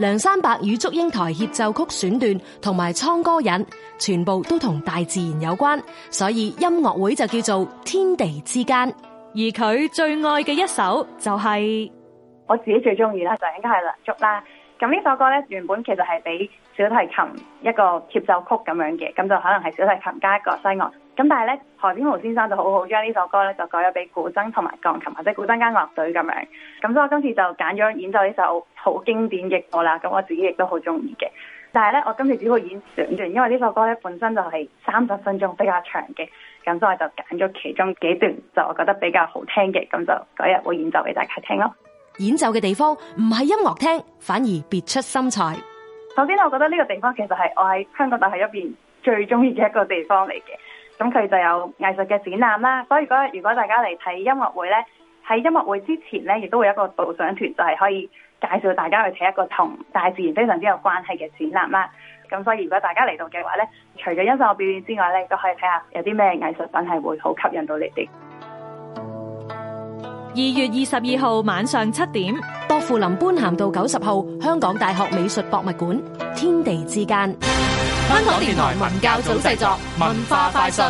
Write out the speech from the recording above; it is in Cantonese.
梁山伯與祝英台協奏曲選段同埋《滄歌引》，全部都同大自然有關，所以音樂會就叫做天地之間。而佢最愛嘅一首就係、是、我自己最中意啦，就應該係《梁祝》啦。咁呢首歌咧，原本其實係俾小提琴一個協奏曲咁樣嘅，咁就可能係小提琴加一個西樂。咁但係咧，何天豪先生就好好將呢首歌咧就改咗俾古箏同埋鋼琴或者古箏加樂隊咁樣。咁所以我今次就揀咗演奏呢首好經典嘅歌啦。咁我自己亦都好中意嘅。但係咧，我今次只會演兩段，因為呢首歌咧本身就係三十分鐘比較長嘅。咁所以我就揀咗其中幾段就我覺得比較好聽嘅，咁就改日會演奏俾大家聽咯。演奏嘅地方唔係音樂廳，反而別出心裁。首先，我覺得呢個地方其實係我喺香港大學入面最中意嘅一個地方嚟嘅。咁佢就有藝術嘅展覽啦，所以如果，如果大家嚟睇音樂會咧，喺音樂會之前咧，亦都會有一個導賞團，就係可以介紹大家去睇一個同大自然非常之有關係嘅展覽啦。咁所以如果大家嚟到嘅話咧，除咗欣賞我表演之外咧，都可以睇下有啲咩藝術品係會好吸引到你哋。二月二十二號晚上七點，薄扶林般咸道九十號，香港大學美術博物館，天地之間。香港電台文教組製作，文化快訊。